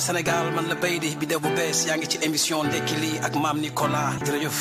jàmm Sénégal man la bay di bi def bu bees yaa ngi ci émission ndekki lii ak maam Nicolas jërëjëf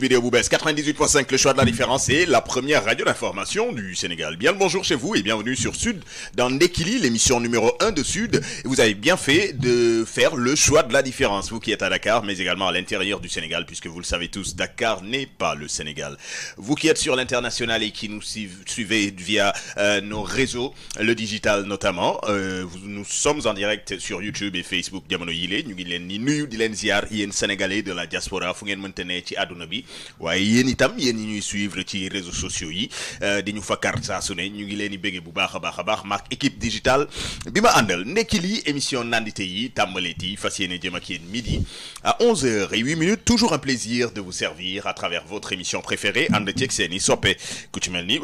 vidéo vous 98.5 le choix de la différence et la première radio d'information du Sénégal bien le bonjour chez vous et bienvenue sur Sud dans Nekili, l'émission numéro 1 de Sud vous avez bien fait de faire le choix de la différence vous qui êtes à Dakar mais également à l'intérieur du Sénégal puisque vous le savez tous Dakar n'est pas le Sénégal vous qui êtes sur l'international et qui nous suivez via euh, nos réseaux le digital notamment euh, nous sommes en direct sur YouTube et Facebook Diamono Yile ñu ziar sénégalais de la diaspora ngeen ci aduna bi waaye yéen itam yéen ñi ñuy suivre ci réseaux sociaux yi euh, di ñu fa kar saa su ne ñu ngi leen bu baax a baax a équipe digitale bi ma àndal lii émission nandité yi tàmbaleeti fas yéene jëm midi à 11h et 8 minutes toujours un plaisir de vous servir à travers votre émission préférée ànd ceeg seen i soppe ku ci mel ni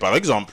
par exemple.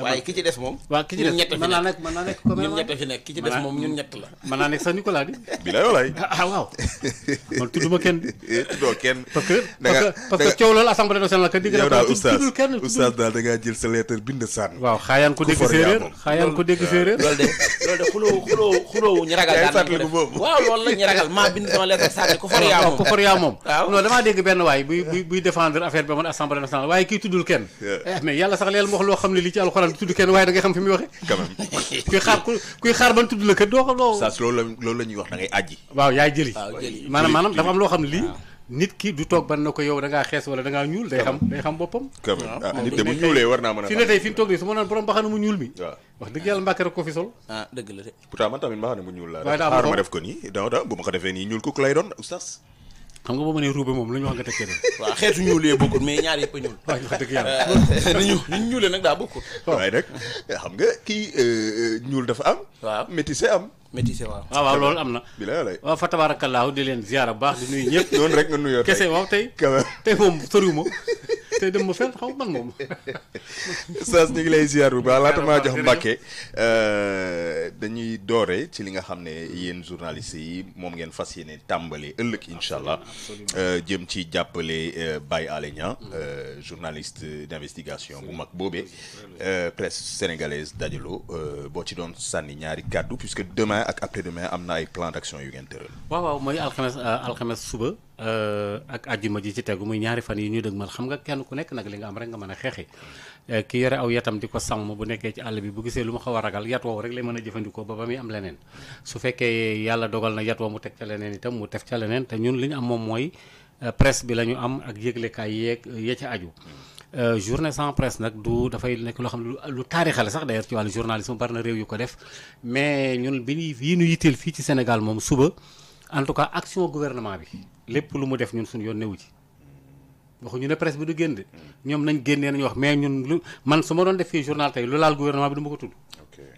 waaye ki ci des moom. waaw ki ci des mën naa nekk mën naa nekk comme naa nekk sax Nicolas di. bi la walaay. Ah, ah waaw man tudduma kenn. Eh, tuddoo kenn. parce que coow loolu assemblée nationale ka dégg. sa lettre bind sànni. waaw ko dégg séeréer xaayaan ko loolu de loolu de xuloo xuloo xuloo ragal. la ñu ragal maa bind sama lettre sànni ku for yaa moom. ku for yaa moom. damaa dégg benn waay buy buy défendre affaire bi man assemblée nationale waaye kii tuddul kenn eh, mais yàlla sax leel mu wax loo xam ne li ci alxuraan faral di tudd kenn waaye da xam fi muy waxee. quand kuy xaar kuy xaar tudd la kat doo xam loolu la wax da ngay àjji. waaw yaay ah, jëli maanaam maanaam dafa am loo xam lii. Ah. nit ki du toog ban na ko yow da xees wala da ñuul day xam boppam waaw ah, nit de ñuulee war naa mën a fi ma def ko nii da da bu ma ko defee nii ñuul kuk lay doon xam nga boobu mënee ruube moom lu ñu wax nga tekkee de. waaw xeetu ñuul yee bokkul mais ñaar yëpp a ñuul. waaw wax dëgg yàlla. ñu xam nga kii euh, euh, ñuul dafa am. waaw métissé am. métissé waaw. waaw waaw loolu am na. bi la lay waaw fa tabaarakallaahu di leen ziara bu baax di nuyu ñëpp. noonu rek nga nuyoo tey kese waaw tey. tey moom soriwuma tey dem ma fenn xaw man moom. Oustaz ñu ngi lay ziar bu baax laata maa jox euh, dañuy doore ci li nga xam ne yéen journaliste yi moom ngeen fas yéene tàmbale ëllëg incha allah. Euh, jëm ci jàppale euh, Baye Alé Niang journaliste d'investigation bu mag boobee. presse sénégalaise dajaloo boo ci doon sànni ñaari kàddu puisque demain ak après demain am na ay plan d'action yu ngeen tëral. waaw waaw mooy alxames alxames suba. Euh, ak àjjuma ji ci tegu muy ñaari fan yi ñu dëgmal xam nga kenn ku nekk nag li nga am rek nga mën a xeexi euh, ki yore aw yatam di ko sàmm bu nekkee ci àll bi bu gisee lu mu xaw a ragal yat woowu rek lay mën a jëfandikoo ba ba muy am leneen su fekkee yàlla dogal na yat woo mu teg ca leneen itam mu teg ca leneen te ñun li ñu am moom mooy euh, presse bi la ñu am ak yëglekaay yeeg ya ca aju journée sans presse nag du dafay nekk loo xam ne lu taarixale sax d'ailleurs ci wàllu journalisme bari na réew yu ko def mais ñun bi ñuy yi ñu yitteel fii ci Sénégal en tout cas action gouvernement bi lépp lu mu def ñun suñu yoon newu ci waxuñu ne presse bi du génn de ñoom nañ génnee nañu wax mais ñun lu man su ma doon def fii journal tey lu laal gouvernement bi du ma ko tudd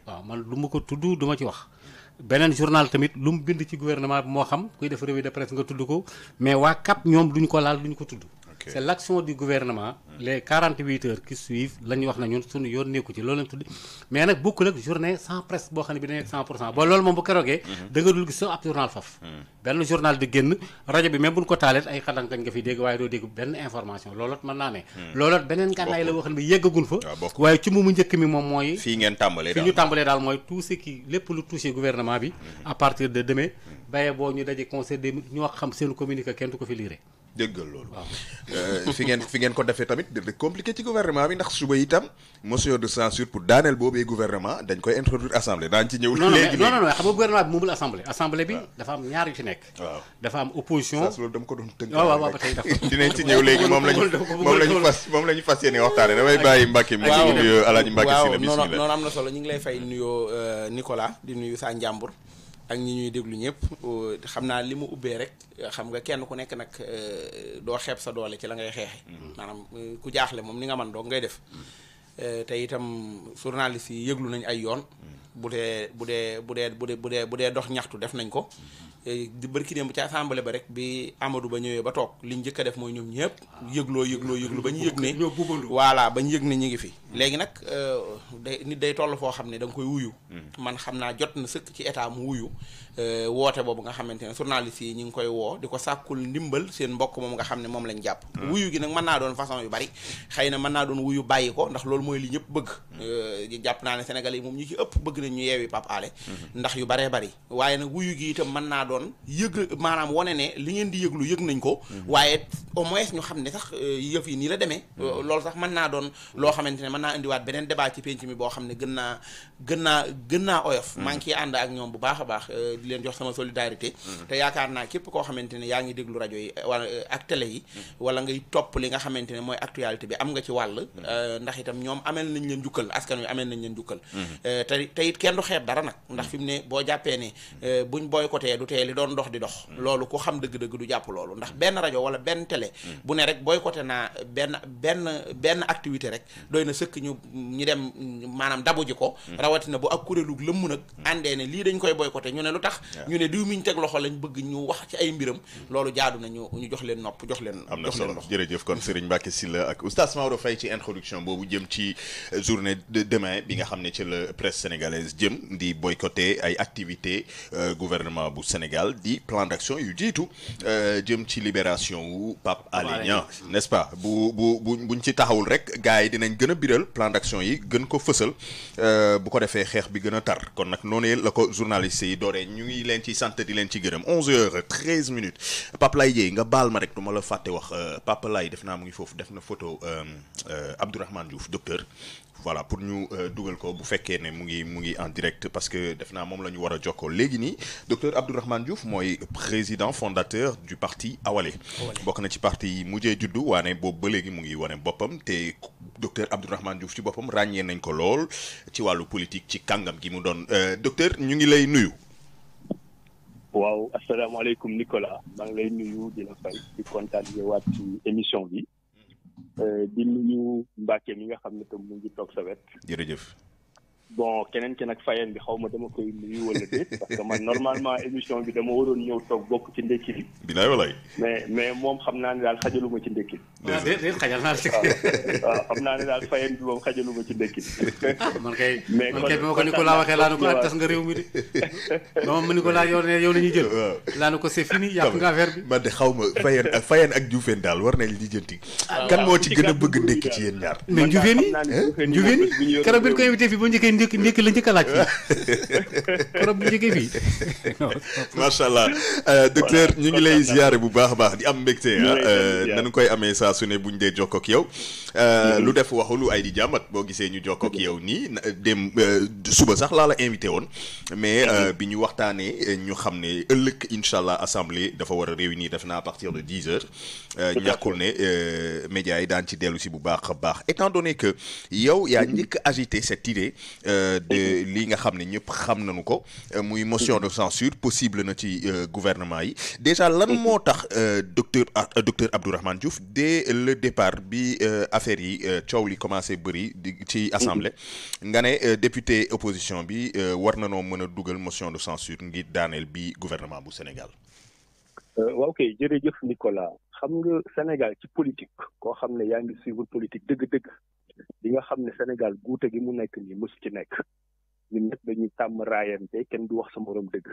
waaw man du ko tudd duma ci wax beneen journal tamit lu mu bind ci gouvernement bi moo xam kuy def revue de presse nga tudd ko mais waa CAP ñoom duñ ko laal duñ ko tudd Okay. c'est l'action du gouvernement hmm. les 48 heures qui suivent la wax na ñun suñu yoon nekku ci loolu lañ mais nak beaucoup nak journée sans presse bo xamni bi dañu 100 bo loolu mom bu kérogué hmm. da nga dul gis sax journal faf ben journal de génn radio bi même buñ ko talet ay xalankañ nga fi dégg waaye do dégg ben information loolu mën naa ne looloot beneen ngànnaay la wax ni ne fa ah, waye ci mu mu ñëk mi mom moy fi ngeen tàmbalee fi ñu tambalé dal moy tout ce qui lepp lu touché gouvernement bi à partir de demain baye bo ñu dajé conseil des ñoo xam seen communiqué kenn ko fi lire déggal loolu. Euh, fi ngeen fi ngeen ko defee tamit de compliqué ci gouvernement bi ndax suba itam motion de censure pour daaneel boobee gouvernement dañ koy introduire assemblée daañu ci ñëw. léegi non non non xam nga gouvernement bi moomul assemblée. assemblée bi ah. dafa am ñaar yu ci nekk. waaw ko doon tënk. Ah, waaw waaw waaw ba tey dafa dinañ ci ñëw léegi moom lañu moom lañu fas moom lañu fas yéene waxtaane damay bàyyi Mbacke mu ngi nuyu am na solo ñu ngi lay fay nuyoo euh, Nicolas di nuyu saa njàmbur ak ñi ñuy déglu ñëpp euh, xam naa li mu ubbee rek euh, xam nga kenn ku nekk nag euh, doo xeeb sa doole ci la ngay xeexe mm-hmm. maanaam ku jaaxle moom ni nga man doog ngay def mm-hmm. tey itam journaliste yi yëglu nañ ay yoon mm-hmm. bu dee bu dee bu dee bu dee bu dee dox ñaxtu def nañ ko di barki démb ci assemblée ba rek bi Amadou Ba ñëwee ba toog li ñu njëkk def mooy ñoom ñëpp yëgloo yëgloo yëglu ba ñu yëg ne voilà ba ñu yëg ñu ngi fi léegi nag euh, day nit day toll foo xam ne da koy wuyu hmm. man xam naa jot na ci état mu wuyu euh, woote boobu nga xamante ne journaliste yi ñu ngi koy woo di ko sàkkul ndimbal seen mbokk moom nga xam ne moom lañ jàpp hmm. wuyu gi nag mën naa doon façon yu bari xëy na mën naa doon wuyu bàyyi ko ndax loolu mooy li ñëpp bëgg hmm. euh, jàpp naa ne sénégalais yi moom ñu ci ëpp bëgg nañu ñu yeewi Pape Alé ndax yu baree bari waaye nag wuyu gi itam mën naa doon doon yëg maanaam wane ne li ngeen di yëglu yëg nañ ko mhm. waaye au moins ñu xam ne sax euh, yëf yi nii la demee mhm. euh, loolu sax mën naa doon loo xamante ne mën naa indiwaat beneen débat ci penc mi boo xam ne gën naa gën naa gën naa mhm. maa ngi ciy ànd ak ñoom bu baax baax euh, di leen jox sama solidarité te yaakaar naa képp koo xamante ne yaa ngi déglu rajo yi wala ak télé yi wala ngay topp li nga xamante ne mooy actualité bi am nga ci wàll ndax itam ñoom amel nañ leen jukkal askan wi amee nañ leen jukkal te te kenn du xeeb dara nag ndax fi ne boo jàppee ne buñ boycotté du tee télé li doon dox di dox mm. loolu ku xam dëgg-dëgg du jàpp loolu ndax benn rajo wala benn tele mm. bu ne rek boycotté naa benn benn benn activité rek mm. doy na sëkk ñu ñu dem maanaam dabu ji ko rawatina bu ak kuréelug lëmm nag àndee ne lii dañ koy boycotté ñu ne lu tax ñu ne diw miñ teg loxo lañ bëgg ñu wax ci ay mbiram loolu jaadu na ñu ñu jox leen nopp jox leen am na solo jërëjëf kon Serigne Mbacké Sylla ak oustaz Maodo fay ci introduction boobu jëm ci euh, journée de demain bi nga xam ne ci la presse sénégalaise jëm di boycotté ay activité euh, gouvernement bu Sénégal Sénégal plan d'action yu euh, jëm ci libération ou Pape n'est-ce pas bu bu buñ ci taxawul rek dinañ plan d'action yi gën ko euh, bu ko bi tar journaliste yi ñu ngi leen ci di 11 h 13 minutes Pape Laye nga bal ma rek euh, Pape def mu ngi photo docteur voilà pour ñu euh, dougal ko bu fekkee ne mu ngi mu ngi en direct parce que def naa moom la ñu war a docteur Abdourahmane Diouf moy président fondateur du parti Awalé bokk na ci parti yi mujjee juddu waane boobu ba légui mu ngi wane bopam te docteur Abdourahmane Diouf ci bopam ragné nañ ko lool ci walu politique ci kangam gi mu doon euh, docteur ñu ngi lay nuyu waaw asalaamaaleykum Nicolas ma ngi lay nuyu di la fay ci kontaan waat ci émission bi Euh, di ñu Mbacke mi nga xam ne tam mu ngi toog sa wet. jërëjëf. bon keneen ki nag fayeen bi xaw ma dama koy nuyu wala déet parce que man normalement émission bi dama waroon ñëw toog bokk ci ndekki bi. bilaay walaay. mais mais moom xam naa ne daal xajaluma ci ndekki. déedéet ah, déet xajal naa ci. waaw xam naa ne daal fayeen bi moom xajaluma ci ndekki. Ah, man kay man ko Nicolas waxee laa ne ko ak ah, tas nga réew mi de. non man Nicolas yow yow la jël. laa ne ko c'est fini yàq nga affaire bi. man de xaw ma fayeen ak fayeen ak juufeen daal war nañ li jënti. kan moo ci gën a bëgg ndekki ci yéen ñaar. mais njuufeen yi njuufeen yi njëkk njëkk la njëkk a laaj fii korom fi ma sha macha allah euh, docteur ñu ngi lay ziaré bu baax baax di am mbégte euh nañu koy amé sa suné buñ dé jokk ak yow. euh mm-hmm. lu def waxulu ay di jamat bo gisé ñu jokk ak mm-hmm. yow nii dem euh, suba sax la la invité won mais euh, mm-hmm. bi ñu waxtaanee ñu xamné ne inshallah assemblée dafa wara réunir def na à partir de dix heures. ñàkkul ne média yi daan ci délu ci bu baax baax étant donné que yow ya njëkk agité cette idée. Euh, de li nga xam ne ñëpp xam nañu ko euh, muy motion de censure possible na ci euh, gouvernement yi déjà lan moo tax docteur docteur Abdourahmane Diouf dès le départ bi affaire yi a li commencé bëri ci assemblée nga ne député opposition bi war nañu mëna duggal motion de censure dans le bi gouvernement bu Sénégal waaw kay jërëjëf Nicolas xam nga Sénégal ci politique koo xam ne yaa ngi suivre politique dëgg-dëgg di nga xam ne Sénégal guute gi mu nekk nii mosu ci nekk ñun ñëpp dañuy tàmm raayante kenn du wax sa morom dëgg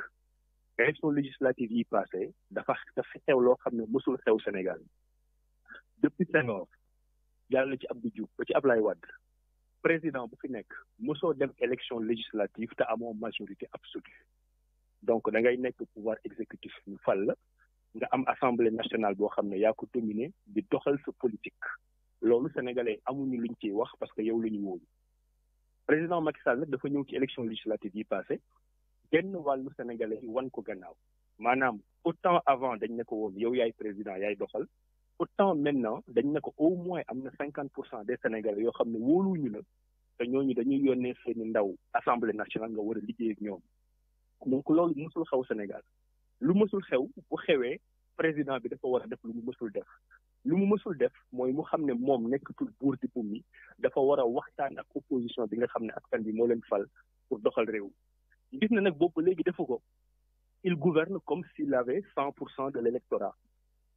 élection législative yi passé dafa dafa xew loo xam ne mosul xew Sénégal depuis 19, jàll na ci Abdou Diouf ba ci Ablaye Wade président bu fi nekk mosoo dem élection législative te amoo majorité absolue donc da ngay nekk pouvoir exécutif ñu fal la nga am assemblée nationale boo xam ne yaa ko dominé di doxal sa politique loolu sénégalais amuñu luñ ciy wax parce que yow la ñu wóolu président Macky Sall nag dafa ñëw ci élection législative yi passé genn wàllu sénégalais yi wan ko gannaaw maanaam autant avant dañ ne ko woon yow yaay président yaay doxal autant maintenant dañ ne ko au moins am na cinquante pour cent des sénégalais yoo xam ne wóoluñu la te ñooñu dañuy yónnee seeni ndaw assemblée nationale nga war a liggéey ak ñoom donc loolu mësul xew Sénégal lu mësul xew bu xewee président bi dafa war a def lu mu mësul def li mu mësul def mooy mu xam ne moom nekkatul buur di buum dafa war a waxtaan ak opposition bi nga xam ne fan bi moo leen fal pour doxal réew mi gis na nag boobu léegi defu ko il gouverne comme s'il avait cent pour cent de l'électorat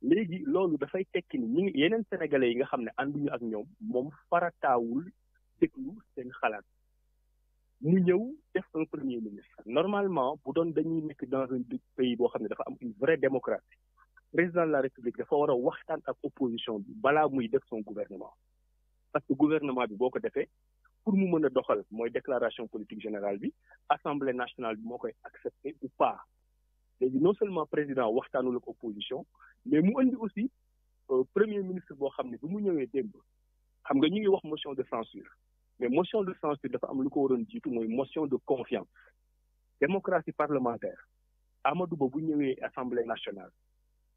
léegi loolu dafay tekki ni ñi yeneen sénégalais yi nga xam ne ànduñu ak ñoom moom farataawul déglu seen xalaat mu ñëw def un premier ministre normalement bu doon dañuy nekk dans un pays boo xam ne dafa am une vraie démocratie président de la république il faut a waxtaan ak opposition bi muy son gouvernement parce que le gouvernement bi boo ko defee pour mu mën a doxal mooy déclaration politique générale bi assemblée nationale bi moo ou pas léegi non seulement président waxtaanul ak opposition mais mu indi aussi euh, premier ministre Il xam ne bi mu ñëwee démb xam nga motion de censure mais motion de censure dafa am lu ko motion de confiance démocratie parlementaire Amadou Ba bu ñëwee assemblée nationale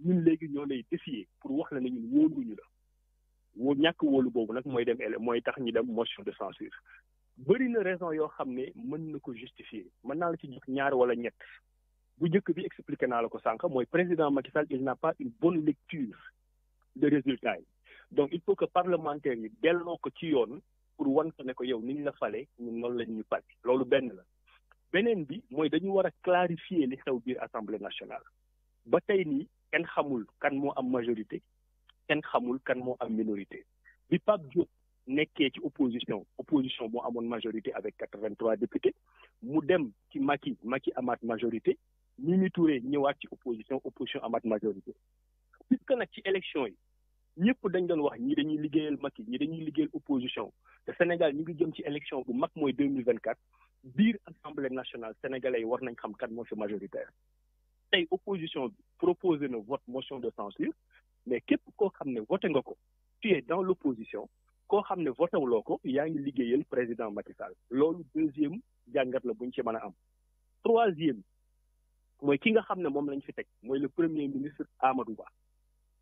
ñun léegi ñoo lay défier pour wax la ne ñun wóoluñu la woo ñàkk wóolu boobu nag mooy dem ele mooy tax ñu dem motion de censure bëri na raison yoo xam ne mën na ko justifier mën naa la ci jox ñaar wala ñett bu njëkk bi expliqué naa la ko sànq mooy président Macky Sall il n'a pas une bonne lecture de résultat yi donc il faut que parlementaires yi delloo ko ci yoon pour wan ko ne ko yow niñ la fale ñun noonu lañ ñu pàcc loolu benn la beneen bi mooy dañu war a clarifier li xew biir assemblée nationale ba tey nii kenn xamul kan moo am majorité kenn xamul kan moo am minorité bi Pape Diop nekkee ci opposition opposition moo amoon majorité avec 83 députés mu dem ci Macky Macky amaat majorité minitouré Touré ñëwaat ci opposition opposition amaat majorité puisque nag ci élection yi ñëpp dañ doon wax ñi dañuy liggéeyal Macky ñi dañuy liggéeyal opposition Le Sénégal ñu ngi jëm ci élection bu mag mooy deux mille biir assemblée nationale sénégalais yi war nañ xam kan moo fi majoritaire opposition proposer proposé vote motion de censure mais képp ko xamné voté nga tu es dans l'opposition ko xamné xam ne voté wuloo président Macky Sall deuxième jangat la buñ ci mëna am troisième moy ki nga xamné mom lañ fi teg moy le premier ministre Amadou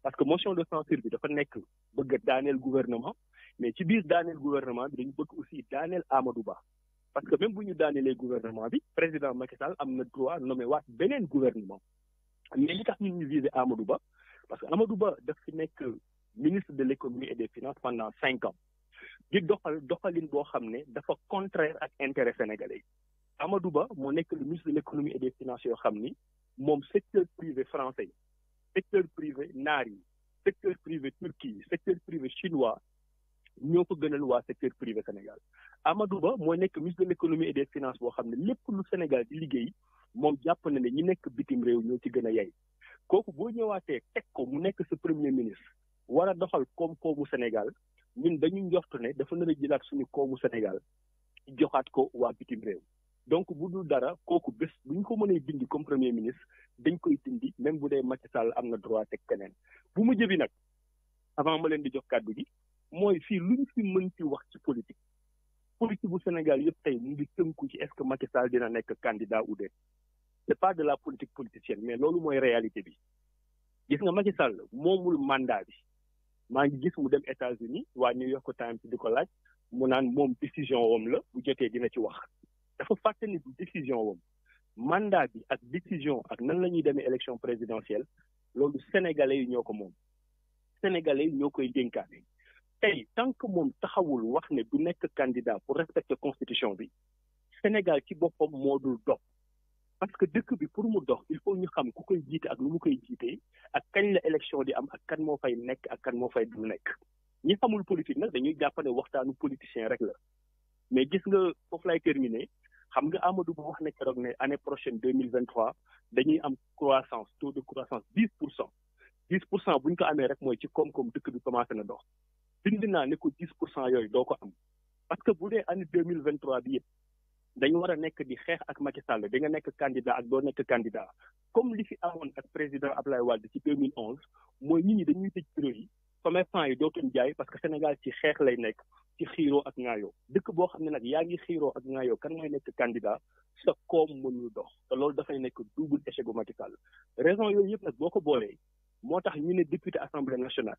parce que motion de censure bi dafa nek bëgg le gouvernement mais ci biir le gouvernement dañu bëgg aussi daaneel Amadou parce que même si ñu les gouvernement le président Macky Sall am na droit nommé waat un gouvernement mais il tax ñun ñu viser Amadou amadouba parce que amadouba Ba ministre de l'économie et des finances pendant 5 ans di doxal doxalin boo ministre ne dafa contraire ak intérêt sénégalais à Amadou Ba moo le ministre de l'économie et des finances mon secteur privé français secteur privé nari, secteur privé turquie secteur privé chinois Nous, ñoo que gënal le secteur privé sénégalais. Amadou Ba mooy nekk ministre de et des finances boo xam ne lépp lu Sénégal di liggéey moom jàpp na ne ñi nekk bitim réew ñoo ci gën a yay kooku boo ñëwaatee teg ko mu nekk sa premier ministre war a doxal koom-koomu Sénégal ñun dañu njort ne dafa nar a jëlaat suñu koomu Sénégal joxaat ko waa bitim réew donc bu dara kooku bés bu ñu ko mënee dindi comme premier ministre dañ koy dindi même bu dee Macky Sall am na droit teg keneen bu ma jëbi nag avant ma leen di jox kàddu gi mooy fii lu ñu fi mën ci wax ci politique politique bu Sénégal yëpp tey ngi ci est-ce que Macky Sall dina nek candidat ou des c'est pas de la politique politicienne mais lolu moy réalité bi gis nga Macky Sall momul mandat bi maa ngi gis mu dem États-Unis wa New York Times di ko laaj mu nan mom décision wam la bu jotté dina ci wax dafa faté ni décision wam mandat bi ak décision ak nan lañuy ñuy élection présidentielle lolu sénégalais yi ñoo ko sénégalais yi ñoo koy tey tant que moom taxawul wax ne du nekk candidat pour respecter constitution bi Sénégal ci boppam moo dul dox parce que dëkk bi pour mu dox il faut ñu xam ku koy jiite ak nu mu koy jiitee ak kañ la élection di am ak kan moo fay nekk ak kan moo fay dul nekk ñi xamul politique nag dañuy jàpp ne waxtaanu politicien rek la mais gis nga foofu lay terminer xam nga Amadou bu wax ne keroog ne année prochaine 2023 dañuy am croissance taux de croissance 10 pour cent dix pour cent bu ñu ko amee rek mooy ci koom-koom dëkk bi commencé na dox bind naa ne ko 10 pour cent yooyu doo ko am parce que bu dee année 2023 bi yëpp dañu war a nekk di xeex ak Macky Sall di nga nekk candidat ak doo nekk candidat comme li fi amoon ak président Ablaye Wade ci 2011 mooy nit ñi dañuy tëj bureau yi commerçant yi dootuñ jaay parce que Sénégal ci xeex lay nekk ci xiiroo ak ŋaayoo dëkk boo xam ne nag yaa ngi xiiroo ak ŋaayoo kan mooy nekk candidat sa koom mënul dox te loolu dafay nekk double échec bu Macky Sall raison yooyu yëpp nag boo ko boolee moo tax ñu ne député assemblée nationale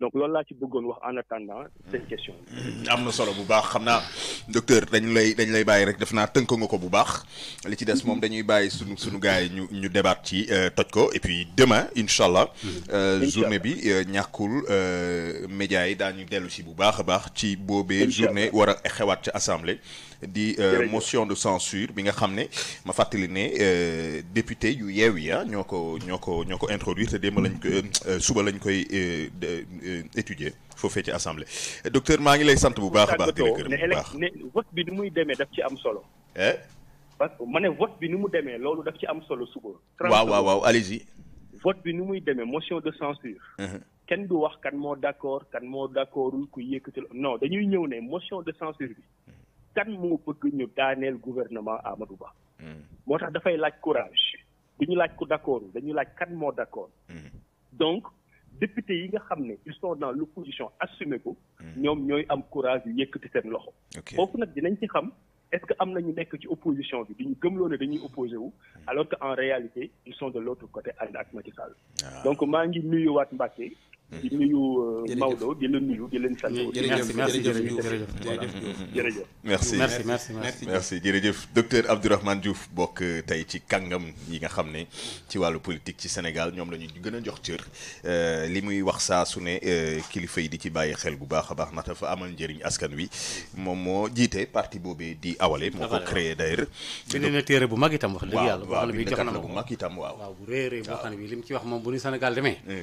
donc loolu laa ci bëggoon wax en attendant seen question mm-hmm. am na solo bu baax xam naa docteur dañ lay dañ lay bàyyi rek def naa tënk nga ko bu baax li ci des moom mm-hmm. dañuy bàyyi sunu sunu gars yi ñu ñu débat ci euh, toj ko et puis demain incha allah mm-hmm. euh, journée bi euh, ñàkkul média yi daañu dellu si bu baax a baax ci boobee journée war a xewaat ci assemblée di motion de censure bi nga xam ne ma fàttali ne député yu yeew yi ah, ñoo ko ñoo ko ñoo ko introduire te démb lañ ko suba lañ koy euh, étudier faut ci assemblée docteur maa ngi lay sante bu baax a baax. dina baax ne vote bi ni démé daf ci am solo. hein parce que mané vote bi ni démé demee daf ci am solo suba. waaw waaw waaw allez-y. vote bi ni démé motion de censure uh-huh. kenn du wax kan mo d'accord kan moo d'accordul ku yëkkatul non dañuy ñëw né motion de censure bi uh-huh. kan mo bëgg ñu daaneel gouvernement Amadou Ba. Uh-huh. motax da fay laaj courage du ñu laaj ku d'accord dañuy laaj kan mo d'accord donc député yi nga xam ne ils sont dans l'opposition assumé ko hmm. ñoom ñooy am courage yu yëkkati seen loxo foofu nag dinañ ci xam est-ce que am na ñu nekk ci opposition bi duñu gëmloo ne dañuy opposé wu hmm. alors que en réalité ils sont de l'autre côté ànd ak Macky Sall ah. donc maa ngi nuyuwaat Mbacké Mm-hmm. di nuyu di Merci merci merci merci docteur Abdourahmane politique Sénégal parti Sénégal eh.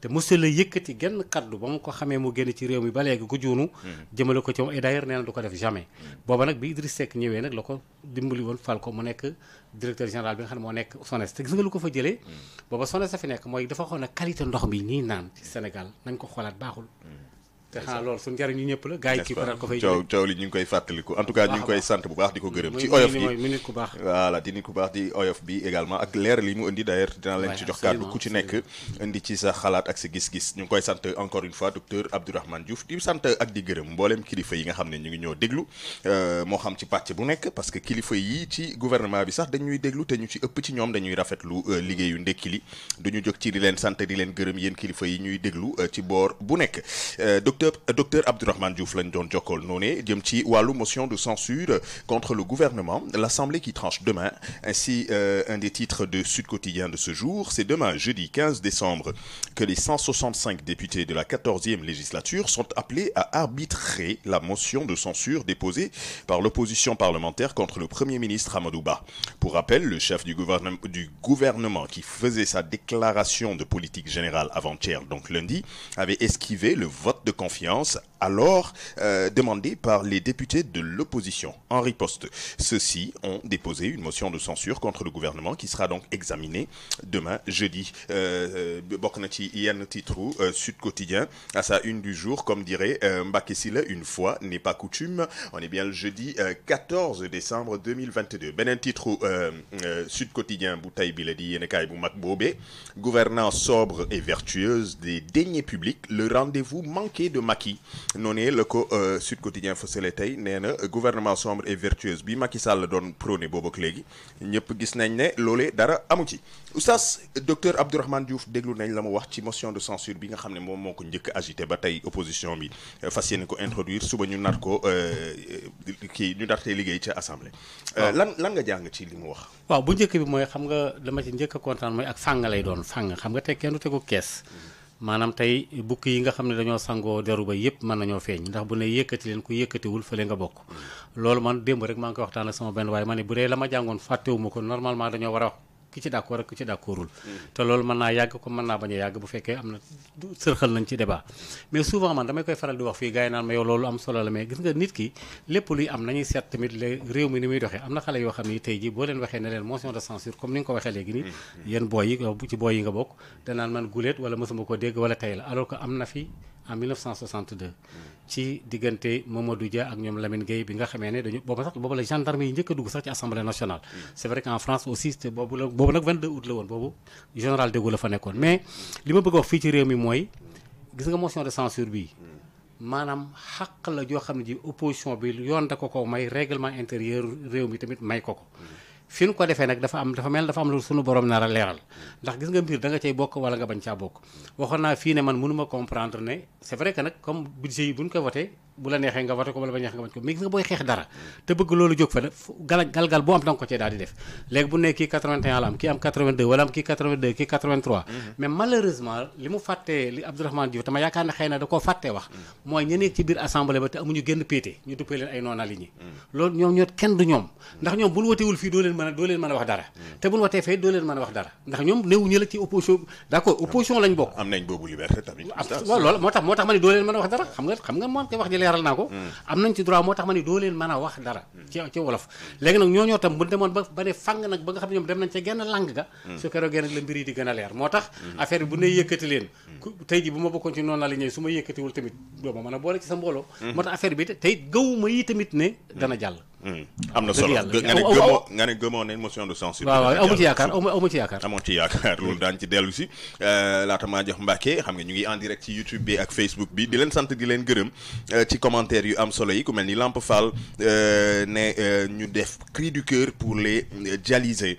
te monsieur la yëkkati genn kaddu ba mu ko xamee mu génn ci réew mi ba léegi ku juunu mm-hmm. jëmale ko ci moom et d'ailleurs nee na du ko def jamais mm-hmm. booba nag bi Idriss Seck ñëwee nag la ko dimbali woon fal ko mu nekk directeur général bi nga xam moo nekk SONES te gis nga lu ko fa jëlee mm-hmm. booba SONES a fi nekk mooy dafa xool na qualité ndox mi ñiy naan ci Sénégal nañ ko xoolaat baaxul te xanaa loolu suñu njariñ ñëpp la gars yi ko fay coow coow li ñu ngi koy fàttaliku en tout cas ñu ngi koy sant bu baax di ko gërëm ci oyof gi mu ku baax voilà di nit ku baax di oyof bi également ak leer li mu indi d'ailleurs dinaa leen ci jox kàddu ku ci nekk indi ci sa xalaat ak sa gis-gis ñu ngi koy sant encore une fois docteur Abdourahmane Diouf di sant ak di gërëm mbooleem kilifa yi nga xam ne ñu ngi ñoo déglu euh, moo xam ci pàcc bu nekk parce que kilifa yi ci gouvernement bi sax dañuy déglu te ñu ci ëpp ci ñoom dañuy rafetlu euh, liggéeyu ndekki li duñu jóg ci di leen sant di leen gërëm yéen kilifa yi ñuy déglu euh, ci boor bu nekk docteur docteur Abdourahmane Diouf lañ doon motion de censure contre le gouvernement l'assemblée qui tranche demain ainsi euh, un des titres de Sud Quotidien de ce jour c'est demain jeudi 15 décembre que les 165 députés de la 14e législature sont appelés à arbitrer la motion de censure déposée par l'opposition parlementaire contre le Premier ministre Amadou pour rappel le chef du gouvernement du gouvernement qui faisait sa déclaration de politique générale avant-hier donc lundi avait esquivé le vote de confiance, alors euh, demandé par les députés de l'opposition en riposte. Ceux-ci ont déposé une motion de censure contre le gouvernement qui sera donc examinée demain jeudi. Euh, euh, bokk Yann ci Sud Quotidien à sa une du jour comme dirait Mbaké une fois n'est pas coutume. On est bien le jeudi 14 décembre 2022 Benin titre Sud Quotidien Boutaï Biledi bi la di gouvernance sobre et vertueuse des deniers publics le rendez-vous manqué de de Macky noné le ko euh, Sud Quotidien fësale tey gouvernement sombre et vertueuse bi Macky Sall don prôné bobo légui léegi ñëpp gis nañ né lolé dara amu ci oustaz docteur Abdourahmane Diouf déglu nañ la wax ci motion de censure bi nga xamné mom moko moo ko agité ba tay opposition bi euh, fas yéene ko introduire suba ñu nar ko euh, ki ñu darté tey liggéey ca assemblée. lan lan nga jang ci li mu wax. waaw bu njëkk bi moy xam nga dama ci njëkk a moy ak fang lay doon fang xam nga tey kenn du ko caisse mm-hmm. maanaam tey bukki yi nga xam ne dañoo sangoo deru ba yëpp mën nañoo feeñ ndax bu ne yëkkati leen ku yëkkatiwul fële nga bokk mm. loolu man démb rek maa ngi koy waxtaan ak sama benn waaye ma ne bu dee la ma jàngoon fàttewuma ko normalement dañoo war a ki ci d'accord ak ci d'accordul te loolu mën naa yàgg ko mën naa bañ a yàgg bu fekkee am na sërxal nañ ci débat mais souvent man damay koy faral di wax fii gars yi naan ma yow loolu am solo la mais gis nga nit ki lépp luy am nañuy seet tamit réew mi ni muy doxee am na xale yoo xam ni tey ji boo leen waxee ne leen motion de censure comme ni nga ko waxee léegi ni mm-hmm. yéen booy ci booy nga bokk danaan man guléet wala mësuma ko dégg wala tey la en 1962 ci diggante Mamadou Dia ak ñom Lamine Gueye bi nga xamee ne dañu sax booba la gendarme yi njëkk sax ci assemblée nationale. Mm. c'est vrai qu'en France aussi te boobu nak 22 août le woon boobu général de Gaulle la fa nekkoon mais lima bëgg wax fi ci réew mi moy gis nga motion de censure bi mm. manam xaq la jo xam opposition bi yoon da ko ko may règlement intérieur réew mi tamit may ko ko. Mm. fi nu ko defee nag dafa am dafa mel dafa am lu suñu borom nar a leeral ndax gis nga mbir da nga bokk wala nga bañ caa bokk waxoon naa fii ne man mënuma comprendre ne c'est vrai que nag comme budget yi buñ ko voté bu la neexee nga voté ko bu la ba neexee nga bañ ko mais gis nga booy xeex dara te bëgg loolu jóg fa gal galgal boo am da nga ko cee daal di def léegi bu ne kii 81 la am kii am 82 wala am kii 82 kii 83 mhm. mais malheureusement li mu fàttee li Abdourahmane Diouf dama yaakaar ne xëy na da koo fàttee wax mhm. mooy ñi nekk ci biir assemblée ba te amuñu génn péete ñu duppee leen ay non alignés mhm. loolu ñoom ñoo kenn du ñoom ndax ñoom buñ watewul fii doo leen mën a doo leen mën a wax dara te buñ watee fee doo leen mën a wax dara ndax ñoom newuñu la ci opposition d'accord opposition lañ bokk am nañ boobu liberté tamit waaw loolu moo tax moo tax ma ne doo leen mën a wax dara xam nga xam nga moom koy wax ji leeral naa ko mm. am nañ ci droit moo tax ma ne doo leen mën a wax dara mm. ci ci wolof léegi nag ñooñoo tam bu demoon ba ba ne fàng nag ba nga xam ne ñoom dem nañ ca genn làng ga mm. su keroogee nag la mbir yi di gën a leer moo tax affaire bi bu ne yëkkati leen tey ji bu ma bokkoon ci noonu la ñëw su ma yëkkatiwul tamit doo ma a boole ci sa mbooloo moo tax affaire bi tey gëwuma yi tamit ne dana jàll am na solo nga ne gëmo nga ne gëmo ne motion de censure waaw amu ci yaakaar amu ci yaakaar le ci yaakaar loolu daañ ci dellu si euh, jox xam nga ñu ngi en direct ci YouTube bi ak Facebook bi di leen sant di leen gërëm euh, ci commentaire yu am solo yi ku melni lampe Fall euh, né ñu def cri du cœur pour les dialysés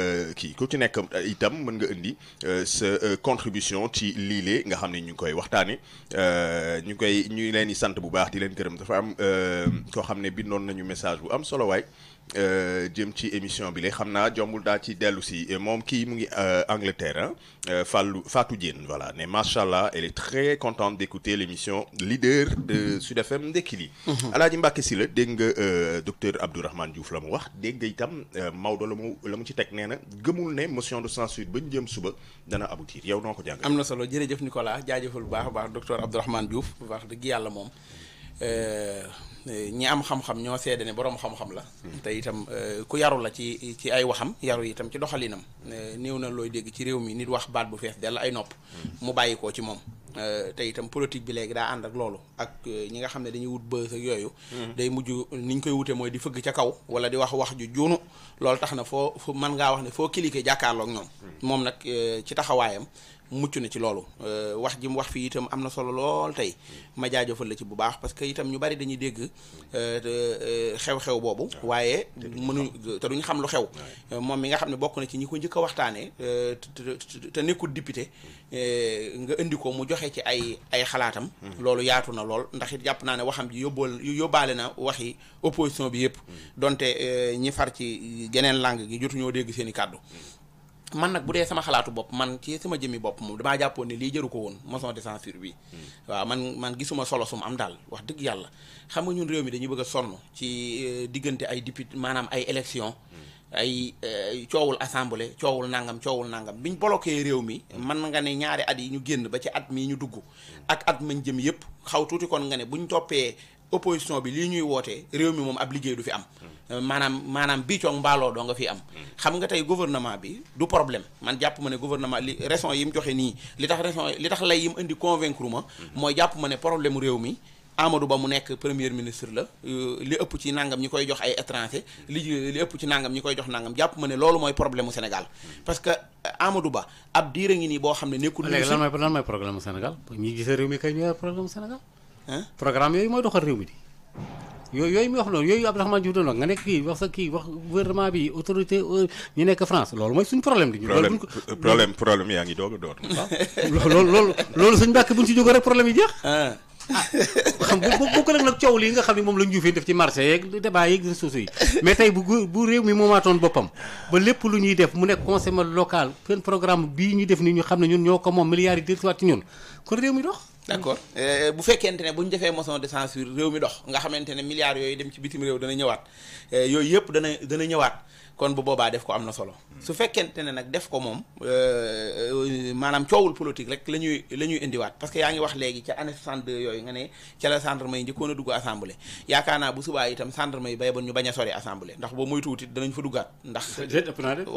qui euh, ko ci nek euh, itam mën nga indi euh, contribution ci lille nga xamné ñu koy euh ñu koy ñu leen di bu baax di leen gërëm dafa am nañu message bu am solo euh, jëm ci émission bi lay xamna naa jombul daa ci dellu si mom kii mu ngi euh, Angleterre hein. euh, Fallou Fatou Diène voilà mais macha elle est très contente d'écouter l'émission leader de Sud FM Ndekki li. Mhm. Alaaji Mbàkke si la nga docteur Abdourahmane Diouf la wax dégg nga itam Maodo la mu ci tek nee gëmul motion de censure ba jëm suba dana aboutir yow noko jàng. am solo jërëjëf Nicolas jaajëfal bu baax baax docteur Abdourahmane Diouf de baax dëgg mom euh ñi am xam-xam ñoo seede ne boroom xam-xam la. te itam euh, ku yaru la ci ci ay waxam yaru yitam ci doxalinam. néew na looy dégg ci réew mi nit wax baat bu fees dell ay nopp. mu bàyyi koo ci moom. Euh, te itam politique bi léegi daa ànd ak loolu ak euh, ñi nga xam ne dañuy wut bës yooyu. Mm-hmm. day mujj ni koy wute mooy di fëgg ca kaw wala di wax wax ju juunu loolu tax na foo fu mën ngaa wax ne foo cliquer jàkkaarlook ñoom. Mm-hmm. moom nag ci taxawaayam. mucc na ci loolu euh, wax ji mu wax fii itam am na solo lool tey ma jaajëfal la ci bu baax parce que itam ñu bari dañuy dégg euh, euh, xew-xew boobu ah. waaye mënuñ te duñ xam lu xew moom mi nga xam ne bokk na ci ñi ko njëkk a waxtaanee te nekkul député nga indi ko mu joxe ci ay ay xalaatam mm-hmm. loolu yaatu na lool ndax it jàpp naa ne waxam ji yóbbool yóbbaale na waxi opposition bi yëpp mm-hmm. donte ñi far ci geneen langue gi jotuñoo dégg seen i kàddu mm-hmm. man nag bu dee sama xalaatu bopp man ci sama jëmi bopp moom damaa jàppoon ne lii jëru ko woon motion de censure bi hmm. waaw man man gisuma solo sum am daal wax dëgg yàlla xam nga ñun réew mi dañuy bëgg a sonn ci euh, diggante ay député maanaam ay élection hmm. ay euh, coowul assemblée coowul nangam coowul nangam biñ bloqué réew mi hmm. man nga ne ñaari at yi ñu génn ba ci at mii ñu dugg ak at mañ jëm yëpp xaw tuuti kon nga ne buñ toppee opposition bi lii ñuy wootee réew mi moom ab liggéey du fi am euh, maanaam maanaam bii coog mbaaloo doo nga fi am xam nga tey gouvernement bi du problème man jàpp ma ne gouvernement li raison yi mu joxe nii li tax raison li tax lay yi mu indi convaincre ma mooy jàpp ma ne problème réew mi Amadou Ba mu nekk premier ministre la euh, li ëpp ci nangam ñi koy jox ay étranger li li ëpp ci nangam ñi koy jox nangam jàpp ma ne loolu mooy problème mu Sénégal parce que euh, Amadou Ba ab diir a ngi nii boo xam ne nekkul. léegi lan mooy lan mooy problème Sénégal ñi gis réew mi kay ñooy problème mu programme yooyu mooy doxal réew mi di yooyu yooyu muy wax noonu yooyu Abdourahmane Diouf doon wax nga nekk kii wax sa kii wax gouvernement bi autorité euh, ñu nekk France loolu mooy suñu problème. di loolu problème problème yaa ngi doog a door. waaw loolu loolu loolu suñu bu ñu si jógee rek problème yi jeex. Ah, xam bu bu nag coow nga xam ne moom la njuufee def ci marché yeeg débat yeeg réseaux yi mais tey bu bu réew mi moomaatoon boppam ba lépp lu ñuy def mu nekk conseil local seen programme bii ñu def nii ñu xam ne ñun ñoo ko moom milliards yi dellusiwaat ci ñun kon réew mi dox. d' accord euh, bu fekkente ne bu ñu defee motion de censure réew mi dox nga xamante ne milliards yooyu dem ci bitim réew dana ñëwaat euh, yooyu yëpp dana dana ñëwaat kon bu boobaa def ko am na solo su fekkente ne nag def ko moom euh, maanaam coowul politique rek la ñuy la ñuy indiwaat parce que yaa ngi wax léegi ca année 62 yooyu nga ne ca la gendarme yi njëkkoon a dugg assemblée yaakaar naa bu subaa itam gendarme yi bay bon ñu bañ a sori assemblée ndax boo muy tuuti danañ fa duggaat ndax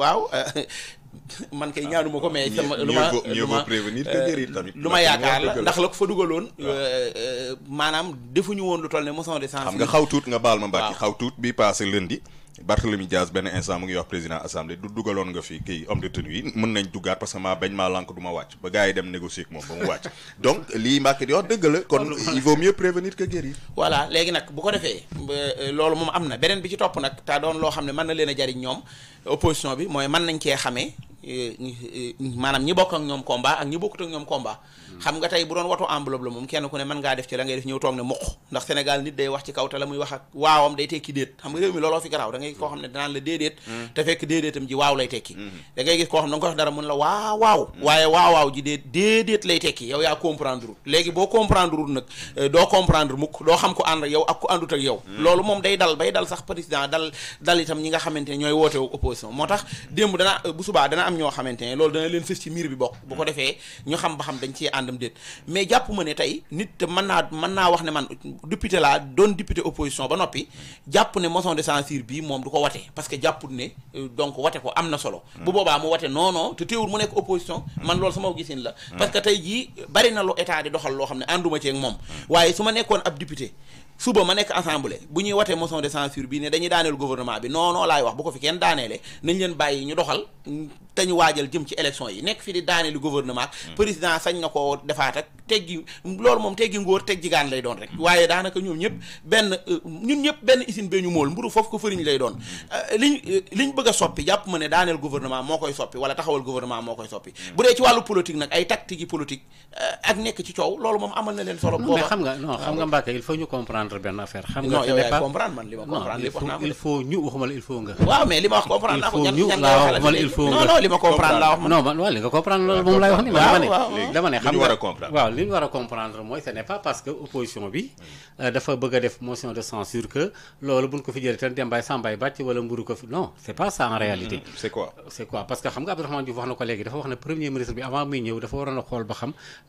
waaw euh, man kay ñaanuma ko mais ah, sama lu ma lu ma prévenir que euh, guérir tamit lu ma yaakaar la ndax la ko fa dugaloon maanaam defuñu woon lu toll ne motion de censure xam nga xaw tuut nga baal ma mbàkki xaw tuut bi passé lundi Barthélemy Diaz benn instant mu ngi wax président assemblée du dugaloon nga fi kii homme de tenue yi mën nañ duggaat parce que maa bañ maa lànk du ma wàcc ba gars yi dem négocier ak moom ba mu wàcc donc lii Mbacke di wax dëgg la kon il vaut mieux prévenir que guérir. voilà léegi nag bu ko defee euh, loolu moom am na beneen bi ci topp nag te doon loo xam ne mën na leen a jariñ ñoom opposition bi mooy man nañ cee xamee euh, euh, maanaam ñi bokk ak ñoom combat ak ñi bokkut ak ñoom combat xam nga tey bu doon watu enveloppe la moom kenn ku ne mën ngaa def ci la ngay def ñëw toog ne muq ndax Sénégal nit day wax ci kaw te la muy wax ak waawam day tekki déet xam nga réew da ngay koo xam mm. mm. da da nga ko wax mm. déet lay tekki yow yaa comprendre léegi boo comprendre nag euh, doo comprendre mukk doo xam ko ànd ak ak ku àndut ak yow loolu moom day dal bay dal sax président dal itam ñi nga xamante ne ñooy woote opposition moo tax démb dana bu subaa dana am ñoo xamante ne loolu dana leen fës ci miir bi bokk ko defee ñu àndam déet mais jàpp ma ne tey nit mën naa mën naa wax ne man député laa doon député opposition ba noppi jàpp ne motion de censure bii moom du ko wate parce que jàppu ne euh, donc wate ko am na solo bu hmm. boobaa mu wate non non te teewul mu nekk opposition hmm. man loolu sama gisin la hmm. parce que tey jii bari na lu état di doxal loo xam ne ànduma ci moom waaye su ma nekkoon ab député suba ma nekk assemblée bu ñuy watee motion de censure bi ne dañuy daaneel gouvernement bi non non laay wax bu ko fi kenn daaneele nañ leen bàyyi ñu doxal te waajal jëm ci élection yi nekk fi di daaneelu gouvernement ak hmm. président sañ na ko defaat ak teggi loolu moom teggi ngóor teg jigaan lay doon rek hmm. waaye daanaka ñoom ñëpp benn euh, ñun ñëpp benn usine bee ñu mool mburu foofu ko fëriñ lay doon hmm. euh, liñ euh, liñ bëgg a soppi jàpp ma ne daaneel gouvernement moo koy moo koy soppi bu dee ci wàllu politique nag ay tactique yi politique ak nekk ci coow loolu moom amal na leen solo booba xam nga non xam ah, bien affaire. xam comprendre il faut ñu waxuma il faut nga. comprendre ce n'est pas parce que opposition bi euh, dafa bëgg def de censure que le buñ ko fi wala mburu ko fi non c'est pas ça en réalité mm-hmm. c'est quoi c'est quoi parce que xam nga Abdourahmane wax dafa wax premier avant muy dafa